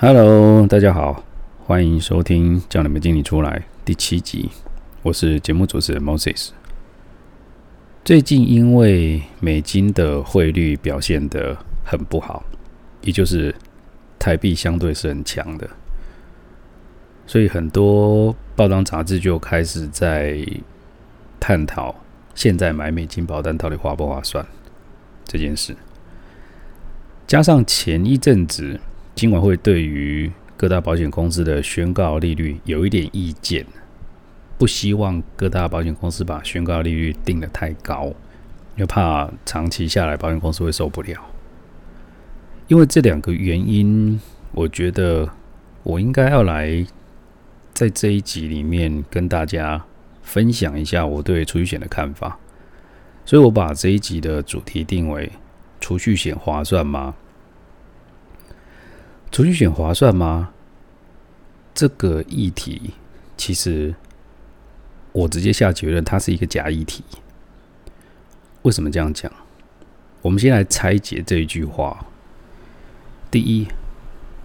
Hello，大家好，歡迎收聽叫你們經理出來第七集。我是節目主持人 Moses。最近因為美金的匯率表現得很不好，也就是台幣相對是很強的，所以很多報章雜誌就開始在探討現在買美金保單到底划不划算這件事。加上前一陣子。金管會對於各大保險公司的宣告利率有一點意見，不希望各大保險公司把宣告利率定得太高，又怕長期下來保險公司會受不了。因為這兩個原因，我覺得我應該要來在這一集裡面跟大家分享一下我對儲蓄險的看法，所以我把這一集的主題定為儲蓄險划算嗎？儲蓄險划算嗎？這個議題，其實我直接下結論，它是一個假議題。為什麼這樣講？我們先來拆解這一句話。第一，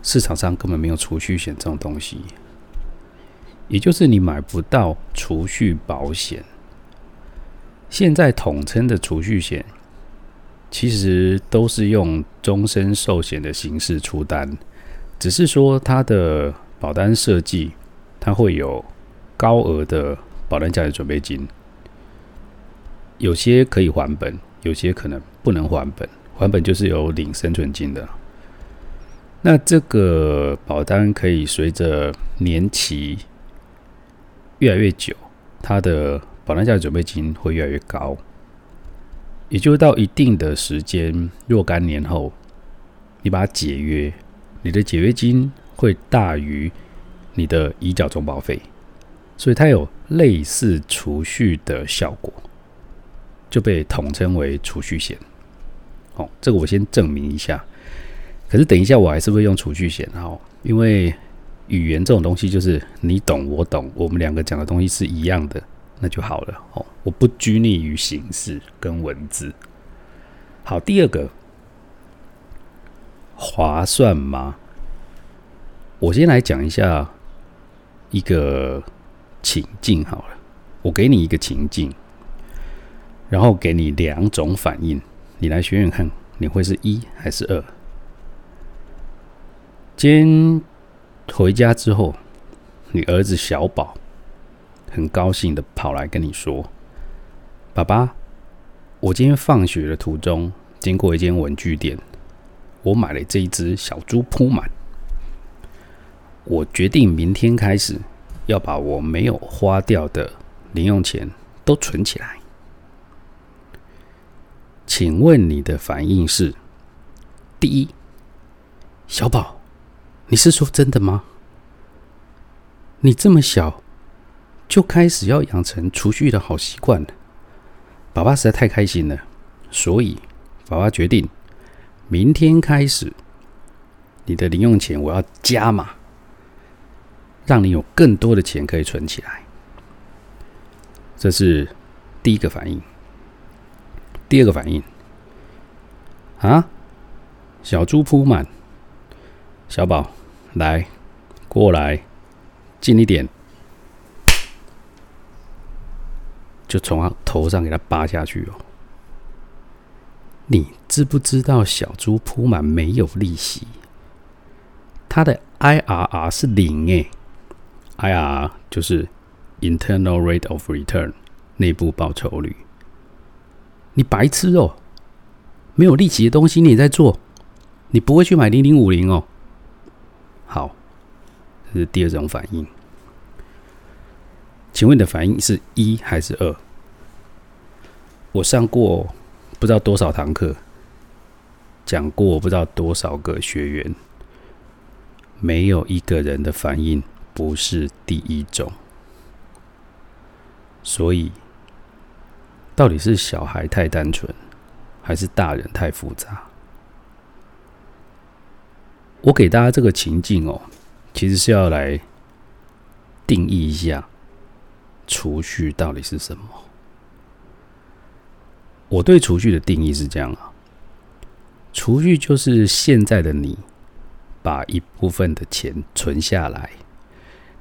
市場上根本沒有儲蓄險這種東西，也就是你買不到儲蓄保險。現在統稱的儲蓄險，其實都是用終身壽險的形式出單。只是說，它的保單設計，它會有高額的保單價值準備金，有些可以還本，有些可能不能還本。還本就是有領生存金的。那這個保單可以隨着年期越來越久，它的保單價值準備金會越來越高。也就到一定的時間，若干年後，你把它解約。你的解約金會大於你的已繳總保費，所以它有類似儲蓄的效果，就被統稱為儲蓄險。哦，這個我先證明一下。可是等一下我還是會用儲蓄險哦，因為語言這種東西就是你懂我懂，我們兩個講的東西是一樣的，那就好了哦。我不拘泥於形式跟文字。好，第二個，划算嗎？我先來講一下一個情境好了，我給你一個情境，然後給你兩種反應，你來選選看，你會是一還是二？今天回家之後，你兒子小寶很高興的跑來跟你說：“爸爸，我今天放學的途中經過一間文具店，我買了這一隻小豬撲滿。”我決定明天開始要把我沒有花掉的零用錢都存起來。請問你的反應是？第一，小寶，你是說真的嗎？你這麼小就開始要養成儲蓄的好習慣了，爸爸實在太開心了。所以，爸爸決定明天開始，你的零用錢我要加碼。讓你有更多的錢可以存起來，這是第一個反應。第二個反應，啊，小豬撲滿，小寶來過來近一點，就從他頭上給他扒下去哦。你知不知道小豬撲滿沒有利息？它的 IRR 是零哎。i r，哎，就是 internal rate of return 內部報酬率。你白痴哦，沒有力氣的東西你也在做，你不會去買零零五零哦。好，這是第二種反應。請問你的反應是一還是二？我上過不知道多少堂課，講過不知道多少個學員，沒有一個人的反應，不是第一種。所以到底是小孩太單純，還是大人太複雜？我給大家這個情境哦,其實是要來定義一下儲蓄到底是什麼。我對儲蓄的定義是這樣啊，儲蓄就是現在的你把一部分的錢存下來，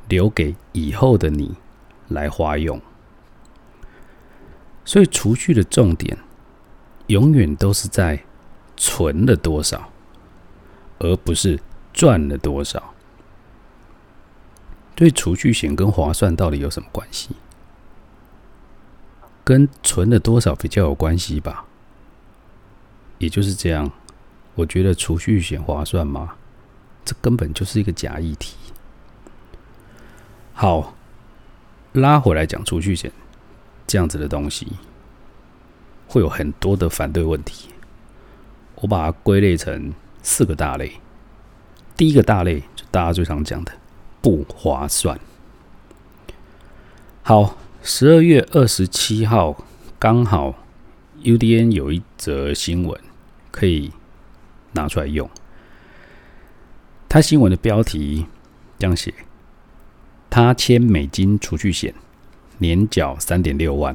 留給以後的你來花用，所以儲蓄的重點永遠都是在存了多少，而不是賺了多少。對儲蓄險跟划算到底有什麼關係？跟存了多少比較有關係吧。也就是這樣，我覺得儲蓄險划算嗎？這根本就是一個假議題。好，拉回來講儲蓄險這樣子的東西，會有很多的反對問題。我把它歸類成四個大類。第一個大類就大家最常講的，不划算。好，十二月二十七號剛好，UDN 有一則新聞可以拿出來用。它新聞的標題這樣寫。他簽美金儲蓄險，年繳三點六萬，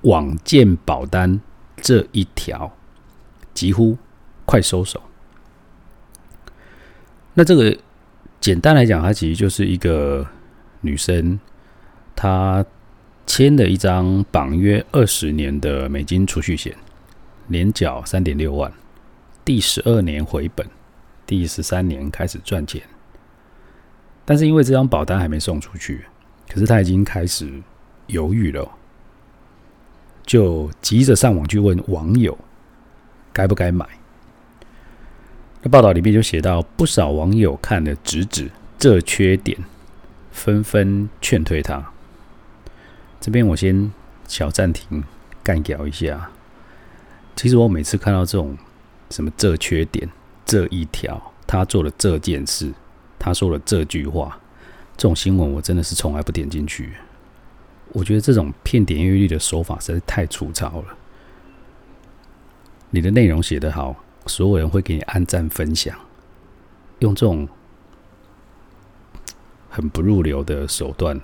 網建保單這一條，幾乎快收手。那這個簡單來講，它其實就是一個女生，她簽了一張綁約二十年的美金儲蓄險，年繳三點六萬，第十二年回本，第十三年開始賺錢。但是因為這張保單還沒送出去，可是他已經開始猶豫了，就急着上網去問網友該不該買。那報道裡面就寫到，不少網友看了“直指”這缺點，紛紛勸退他。這邊我先小暫停，乾掉一下。其實我每次看到這種什麼“這缺點”這一條，他做了這件事。他說了這句話，這種新聞我真的是從來不點進去。我覺得這種騙點閱率的手法實在太粗糙了。你的內容寫得好，所有人會給你按讚分享。用這種很不入流的手段，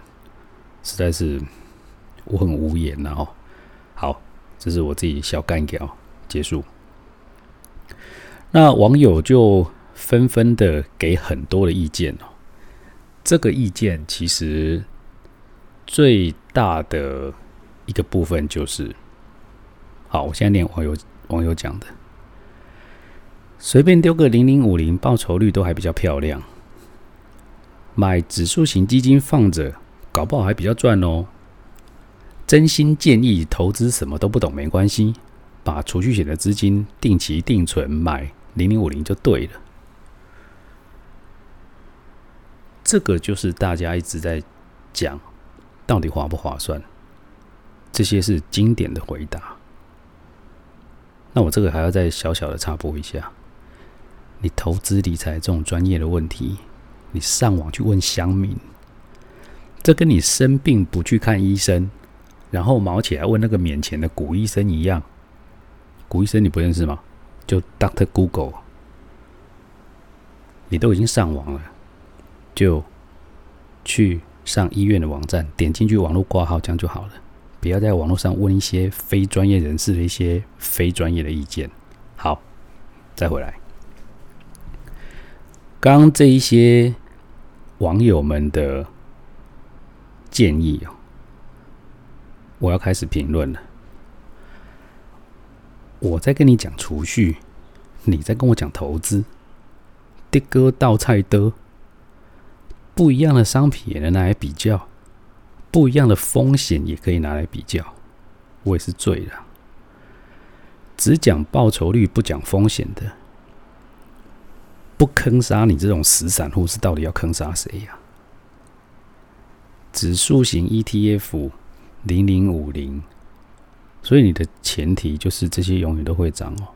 實在是我很無言了、啊、哦。好，這是我自己小幹話，結束。那網友就。紛紛的給很多的意見哦，這個意見其實最大的一個部分就是，好，我現在念網友網友講的，隨便丟個零零五零，報酬率都還比較漂亮，買指數型基金放着，搞不好還比較賺哦。真心建議投資，什麼都不懂沒關係，把儲蓄險的資金定期定存買零零五零就對了。這個就是大家一直在講，到底划不划算？這些是經典的回答。那我這個還要再小小的插播一下：你投資理財這種專業的問題，你上網去問鄉民，這跟你生病不去看醫生，然後毛起來問那個免錢的古醫生一樣。古醫生你不認識嗎？就 Doctor Google。你都已經上網了。就去上醫院的網站，點進去網絡掛號，這樣就好了。不要在網絡上問一些非專業人士的一些非專業的意見。好，再回來。剛這一些網友們的建議哦，我要開始評論了。我在跟你講儲蓄，你在跟我講投資，的哥道菜的。不一樣的商品也能拿來比較，不一樣的風險也可以拿來比較，我也是醉了。只講報酬率不講風險的，不坑殺你這種死散戶是到底要坑殺誰呀？指數型 ETF 零零五零，所以你的前提就是這些永遠都會漲哦、喔。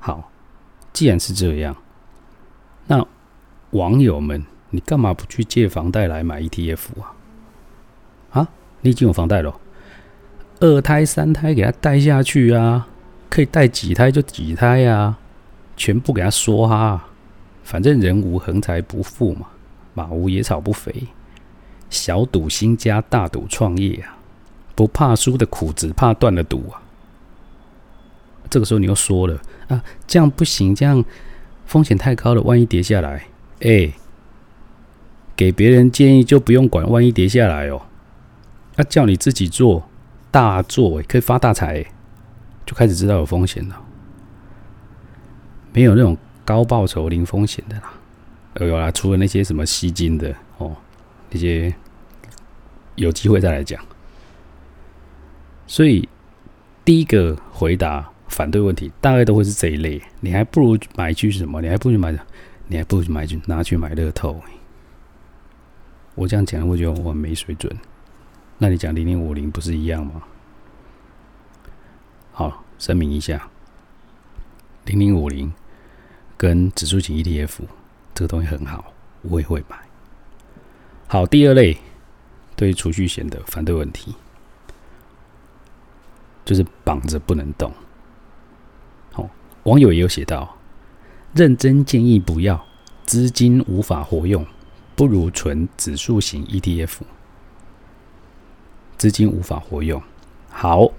好，既然是這樣，那網友們。你幹嘛不去借房貸來買 ETF 啊？啊，你已經有房貸了，二胎、三胎給他貸下去啊，可以貸幾胎就幾胎呀，啊，全部給他說哈。反正人無橫財不富嘛，馬無野草不肥，小賭興家，大賭創業啊，不怕輸的苦，只怕斷了賭啊。這個時候你又說了啊，這樣不行，這樣風險太高了，萬一跌下來，哎、欸。給別人建議就不用管，萬一跌下來哦，要、啊、叫你自己做大做，可以發大財，就開始知道有風險了。沒有那種高報酬零風險的啦，哎呦啦，除了那些什麼吸金的哦，那些有機會再來講。所以第一個回答反對問題，大概都會是這一類。你還不如買去什麼？你還不如買，你還不如買去拿去買樂透。我這樣講會覺得我很沒水準，那你講零零五零不是一樣嗎？好，聲明一下，零零五零跟指數型 ETF 這個東西很好，我也會買。好，第二類對於儲蓄險的反對問題，就是綁着不能動。好，網友也有寫到，認真建議不要，資金無法活用。不如存指數型 ETF，資金無法活用。好，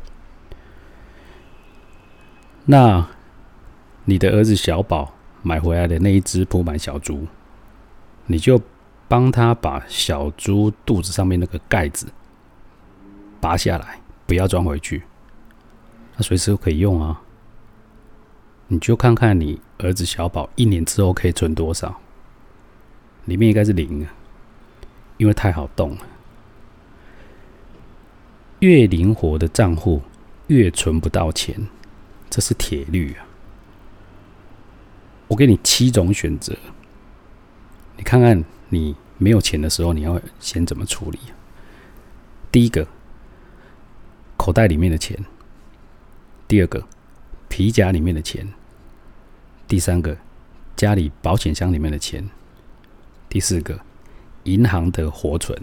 那你的兒子小寶買回來的那一隻撲滿小豬，你就幫他把小豬肚子上面那個蓋子拔下來，不要裝回去，他隨時都可以用啊。你就看看你兒子小寶一年之後可以存多少。裡面應該是零啊，因為太好動了。越靈活的賬戶，越存不到錢，這是鐵律啊。我給你七種選擇，你看看你沒有錢的時候，你要先怎麼處理？第一個，口袋裡面的錢；第二個，皮夾裡面的錢；第三個，家裡保險箱裡面的錢。第四個，銀行的活存；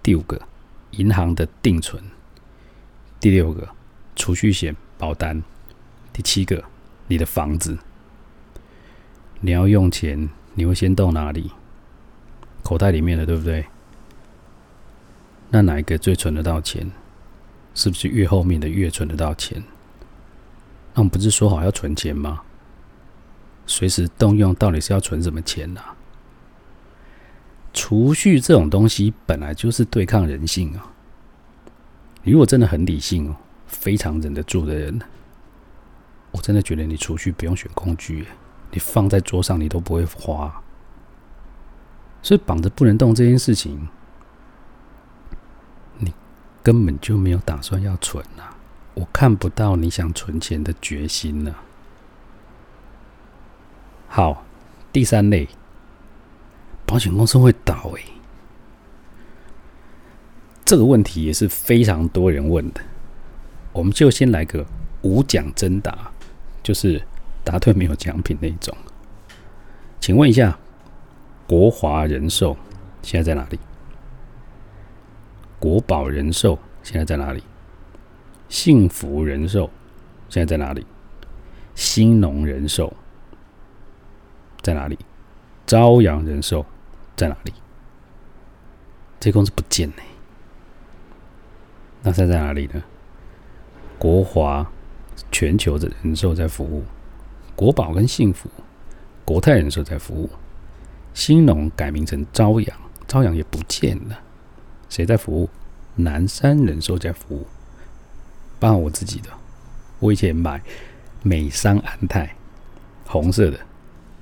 第五個，銀行的定存；第六個，儲蓄險保單；第七個，你的房子。你要用錢，你會先動哪裡？口袋裡面的，對不對？那哪一個最存得到錢？是不是越後面的越存得到錢？那我們不是說好要存錢嗎？隨時動用，到底是要存什麼錢啊？儲蓄這種東西本來就是對抗人性啊！你如果真的很理性哦，非常忍得住的人，我真的覺得你儲蓄不用選工具，你放在桌上你都不會花。所以綁着不能動這件事情，你根本就沒有打算要存啊！我看不到你想存錢的決心啊。好，第三類。保險公司會倒哎、欸，這個問題也是非常多人問的。我們就先來個無獎徵答，就是答對沒有獎品那一種。請問一下，國華人壽現在在哪裡？國寶人壽現在在哪裡？幸福人壽現在在哪裡？興農人壽在哪裡？朝陽人壽？在哪裡？這公司不見呢、欸？那在在哪裡呢？國華、全球的人壽在服務，國寶跟幸福、國泰人壽在服務，興農改名成朝陽，朝陽也不見了。誰在服務？南山人壽在服務。包括我自己的，我以前買美商安泰，紅色的，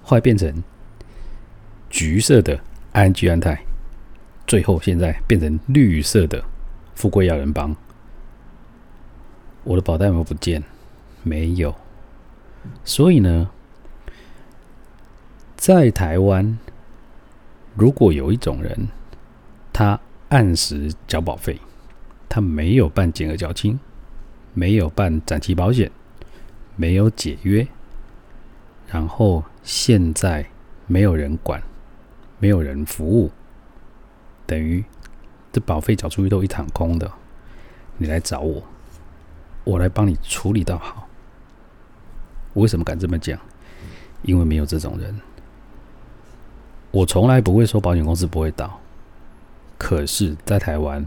後來變成橘色的。安居安泰，最後現在變成綠色的富貴要人幫。我的保單怎麼不見？沒有。所以呢，在台灣，如果有一種人，他按時繳保費，他沒有辦減額繳清，沒有辦展期保險，沒有解約，然後現在沒有人管。沒有人服務，等於這保費繳出去都一場空的。你來找我，我來幫你處理到好。我為什麼敢這麼講？因為沒有這種人。我從來不會說保險公司不會倒，可是，在台灣，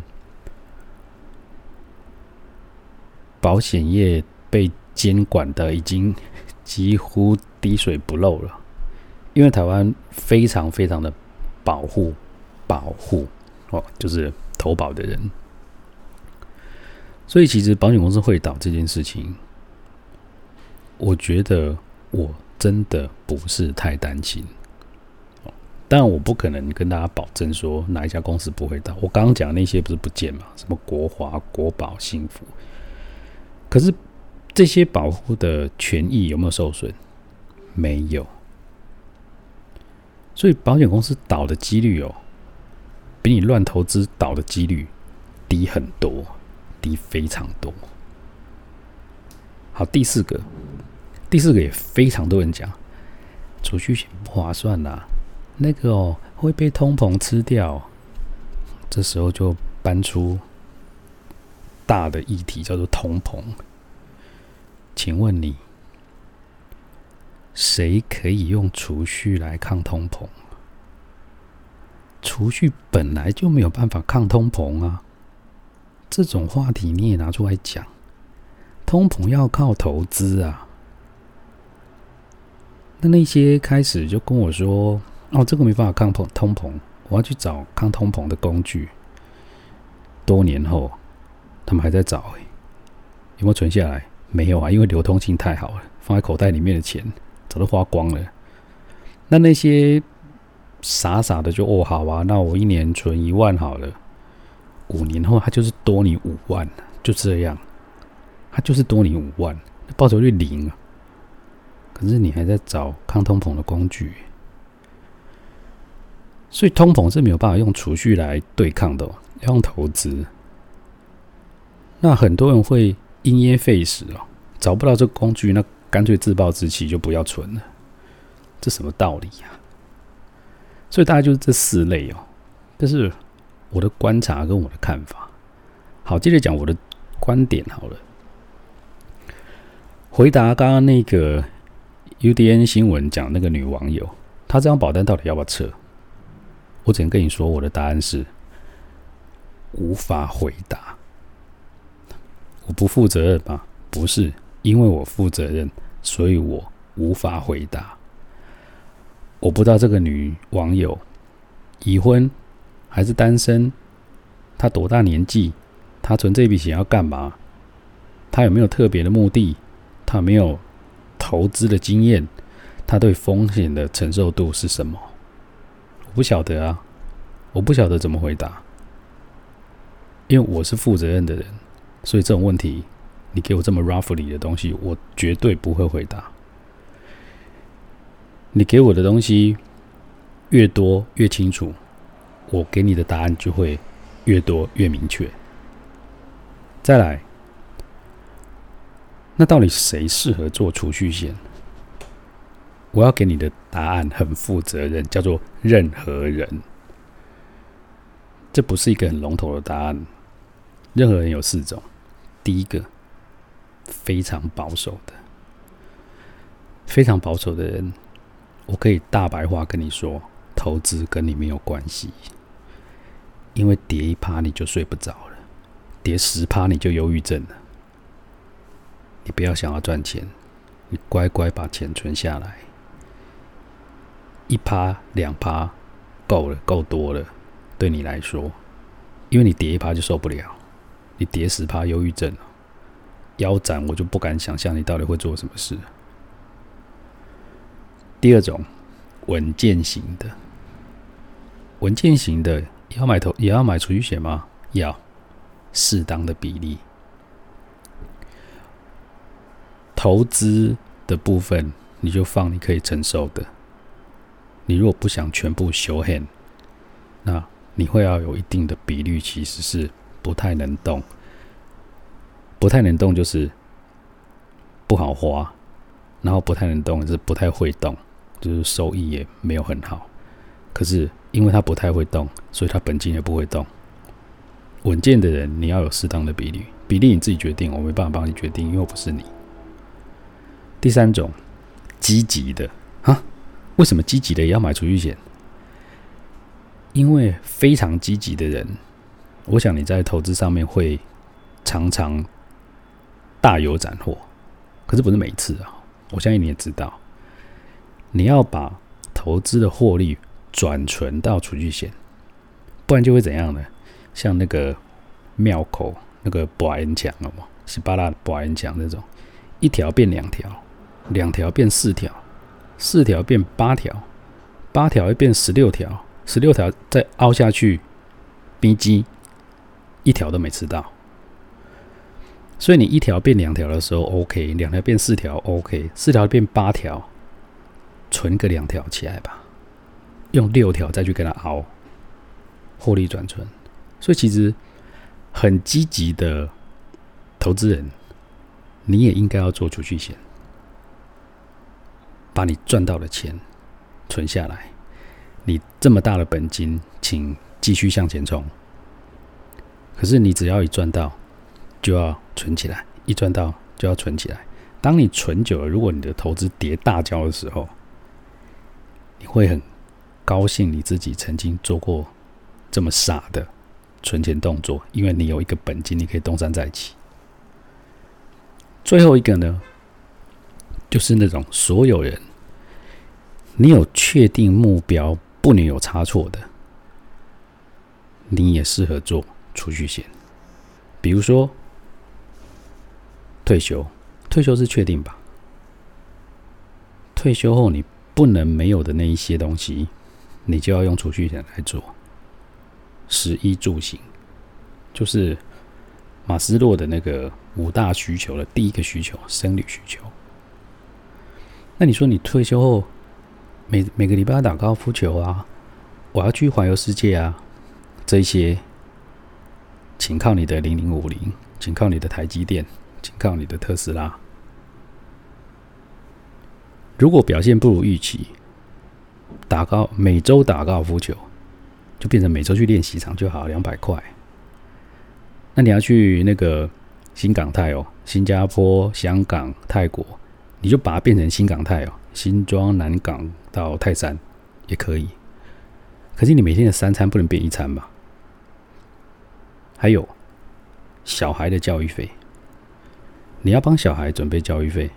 保險業被監管的已經幾乎滴水不漏了。因為台灣非常非常的保護，保護哦，就是投保的人，所以其實保險公司會倒這件事情，我覺得我真的不是太擔心，哦，但我不可能跟大家保證說哪一家公司不會倒。我剛剛講的那些不是不見嘛？什麼國華、國寶、幸福，可是這些保護的權益有沒有受損？沒有。所以保險公司倒的幾率哦，比你亂投資倒的幾率低很多，低非常多。好，第四個，第四個也非常多人講，儲蓄險不划算啦，啊，那個哦會被通膨吃掉。這時候就搬出大的議題叫做通膨，請問你？誰可以用儲蓄來抗通膨？儲蓄本來就沒有辦法抗通膨啊！這種話題你也拿出來講，通膨要靠投資啊。那那些開始就跟我說：“哦，這個沒辦法抗通通膨，我要去找抗通膨的工具。”多年後，他們還在找，欸，有沒有存下來？沒有啊，因為流通性太好了，放在口袋裡面的錢。早都花光了，那那些傻傻的就哦，好啊，那我一年存一萬好了，五年後他就是多你五萬，就這樣，他就是多你五萬，那報酬率零，可是你還在找抗通膨的工具，所以通膨是沒有辦法用儲蓄來對抗的，要用投資。那很多人會因噎廢食啊，找不到這個工具那。乾脆自暴自棄，就不要存了，這什麼道理呀？啊？所以大概就是這四類哦，這是我的觀察跟我的看法。好，接着講我的觀點好了。回答剛剛那個 UDN 新聞講那個女網友，她這張保單到底要不要撤？我只能跟你說，我的答案是無法回答，我不負責任吧？不是，因為我負責任。所以我無法回答。我不知道這個女網友已婚還是單身，她多大年紀？她存這筆錢要幹嘛？她有沒有特別的目的？她有沒有投資的經驗？她對風險的承受度是什麼？我不曉得啊，我不曉得怎麼回答。因為我是負責任的人，所以這種問題。你給我這麼 roughly 的東西，我絕對不會回答。你給我的東西越多越清楚，我給你的答案就會越多越明確。再來，那到底誰適合做儲蓄險？我要給你的答案很負責任，叫做任何人。這不是一個很籠統的答案。任何人有四種，第一個。非常保守的，非常保守的人，我可以大白話跟你說，投資跟你沒有關係，因為跌一趴你就睡不着了，跌十趴你就憂鬱症了。你不要想要賺錢，你乖乖把錢存下來，一趴兩趴夠了，夠多了，對你來說，因為你跌一趴就受不了，你跌十趴憂鬱症了。腰斬，我就不敢想象你到底會做什麼事。第二種，穩健型的，穩健型的要買投也要買儲蓄險嗎？要，適當的比例。投資的部分你就放你可以承受的。你如果不想全部 show hand，那你會要有一定的比率，其實是不太能動。不太能動就是不好花，然後不太能動就是不太會動，就是收益，也沒有很好。可是因為他不太會動，所以他本金也不會動。穩健的人你要有適當的比率，比例你自己決定，我沒辦法幫你決定，因為我不是你。第三種積極的啊，為什麼積極的也要買儲蓄險？因為非常積極的人，我想你在投資上面會常常。大有斬獲，可是不是每一次啊！我相信你也知道，你要把投資的獲利轉存到儲蓄險，不然就會怎樣呢？像那個廟口那個博恩強了嘛，十八拉博恩強那種，一條變兩條，兩條變四條，四條變八條，八條又變十六條，十六條再凹下去，B G 一條都沒吃到。所以你一條變兩條的時候，OK；兩條變四條，OK；四條變八條，存個兩條起來吧，用六條再去跟它熬，獲利轉存。所以其實很積極的投資人，你也應該要做儲蓄險，把你賺到的錢存下來。你這麼大的本金，請繼續向前衝。可是你只要一賺到，就要。存起來，一賺到就要存起來。當你存久了，如果你的投資跌大跤的時候，你會很高興你自己曾經做過這麼傻的存錢動作，因為你有一個本金，你可以東山再起。最後一個呢，就是那種所有人，你有確定目標不能有差錯的，你也適合做儲蓄險，比如說。退休，退休是確定吧？退休後你不能沒有的那一些東西，你就要用儲蓄險來做。食衣住行，就是馬斯洛的那個五大需求的第一個需求——生理需求。那你說你退休後，每每個禮拜打高爾夫球啊，我要去環遊世界啊，這些，請靠你的零零五零，請靠你的台積電。請靠你的特斯拉。如果表現不如預期，打高每周打高爾夫球，就變成每周去練習場就好，兩百塊。那你要去那個新港泰哦、喔，新加坡、香港、泰國，你就把它變成新港泰哦、喔，新莊南港到泰山也可以。可是你每天的三餐不能變一餐吧？還有小孩的教育費。你要幫小孩準備教育費，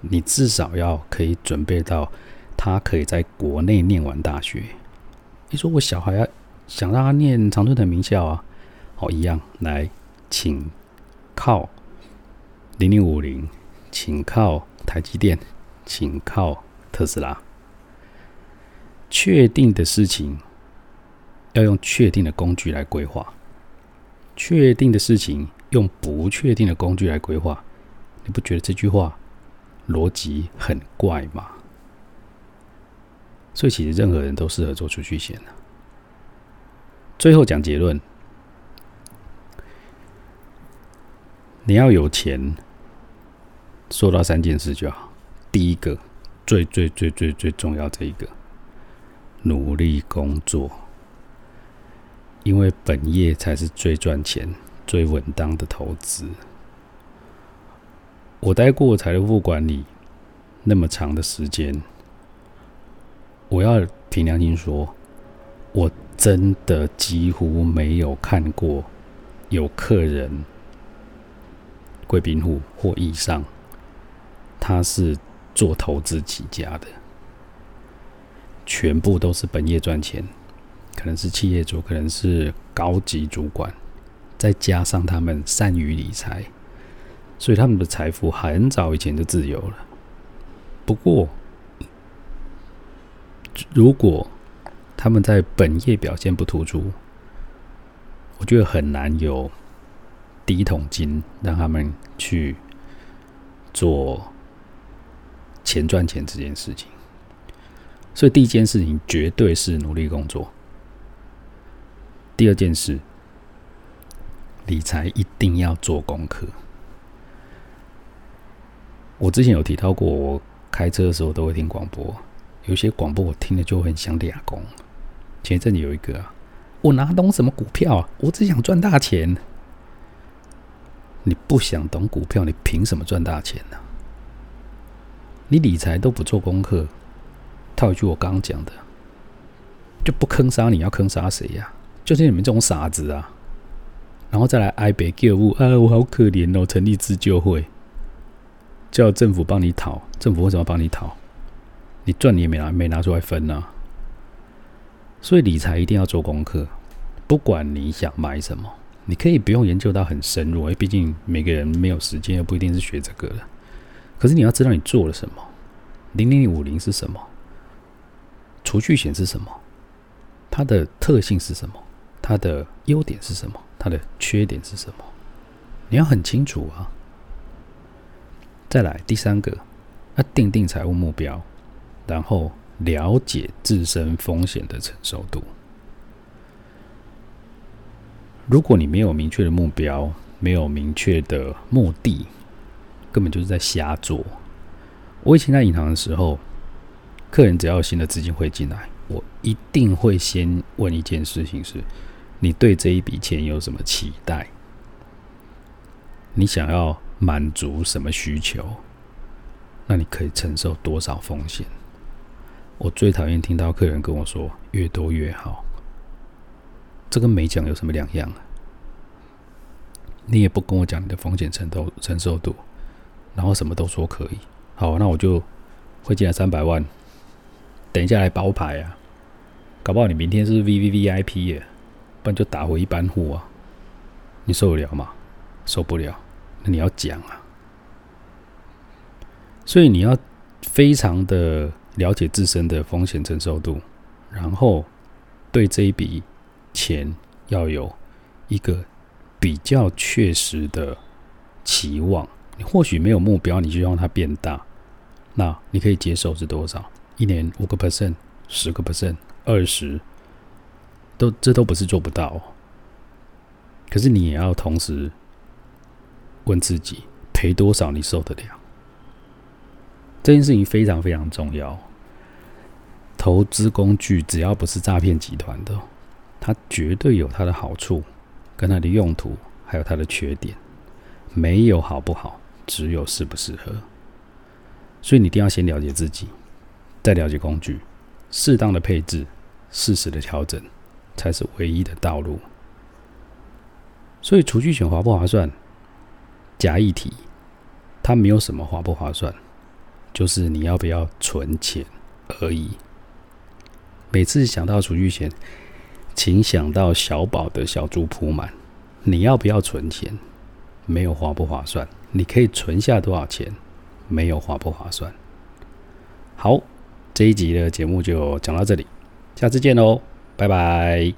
你至少要可以準備到他可以在國內念完大學。你說，我小孩要想讓他念常春藤名校啊，哦，一樣來，請靠零零五零，請靠台積電，請靠特斯拉。確定的事情，要用確定的工具來規劃。確定的事情，用不確定的工具來規劃，你不覺得這句話邏輯很怪嗎？所以，其實任何人都適合做儲蓄險。最後講結論：你要有錢，做到三件事就好。第一個，最最最最最重要這一個，努力工作，因為本業才是最賺錢。最穩當的投資。我待過財務部管理那麼長的時間，我要憑良心說，我真的幾乎沒有看過有客人、貴賓戶或以上，他是做投資起家的，全部都是本業賺錢，可能是企業主，可能是高級主管。再加上他們善於理財，所以他們的財富很早以前就自由了。不過，如果他們在本業表現不突出，我覺得很難有第一桶金讓他們去做錢賺錢這件事情。所以，第一件事情絕對是努力工作。第二件事。理財一定要做功課。我之前有提到過，我開車的時候都會聽廣播，有些廣播我聽了就很想打工。前陣子有一個、啊，我哪懂什麼股票，啊，我只想賺大錢。你不想懂股票，你憑什麼賺大錢呢、啊？你理財都不做功課，套一句我剛剛講的，就不坑殺你要坑殺誰呀？就是你們這種傻子啊！然後再來挨北購物啊，我好可憐哦！成立自救會，叫政府幫你討。政府為什麼幫你討？你賺你也沒拿，沒拿出來分吶、啊。所以理財一定要做功課，不管你想買什麼，你可以不用研究到很深入，因為畢竟每個人沒有時間，也不一定是學這個的。可是你要知道你做了什麼，零零五零，是什麼？儲蓄險是什麼？它的特性是什麼？它的優點是什麼？他的缺點是什麼？你要很清楚啊。再來第三個，要定定財務目標，然後了解自身風險的承受度。如果你沒有明確的目標，沒有明確的目的，根本就是在瞎做。我以前在銀行的時候，客人只要有新的資金會進來，我一定會先問一件事情是。你對這一筆錢有什麼期待？你想要滿足什麼需求？那你可以承受多少風險？我最討厭聽到客人跟我說“越多越好”，這跟沒講有什麼兩樣啊？你也不跟我講你的風險承受、承受度，然後什麼都說可以。好，那我就會進來三百萬，等一下來包牌啊！搞不好你明天是，是 VVVIP 耶！不然就打回一般戶啊！你受得了嗎？受不了，那你要講啊！所以你要非常的了解自身的風險承受度，然後對這一筆錢要有一個比較確實的期望。你或許沒有目標，你就讓它變大。那你可以接受是多少？一年五個 percent，十個 percent，二十。都這都不是做不到哦，可是你也要同時問自己賠多少你受得了？這件事情非常非常重要。投資工具只要不是詐騙集團的，它絕對有它的好處、跟它的用途，還有它的缺點。沒有好不好，只有適不適合。所以你一定要先了解自己，再了解工具，適當的配置，適時的調整。才是唯一的道路。所以儲蓄險划不划算？假議題，它沒有什麼划不划算，就是你要不要存錢而已。每次想到儲蓄險，請想到小寶的小豬撲滿。你要不要存錢？沒有划不划算，你可以存下多少錢？沒有划不划算。好，這一集的節目就講到這裡，下次見嘍。拜拜。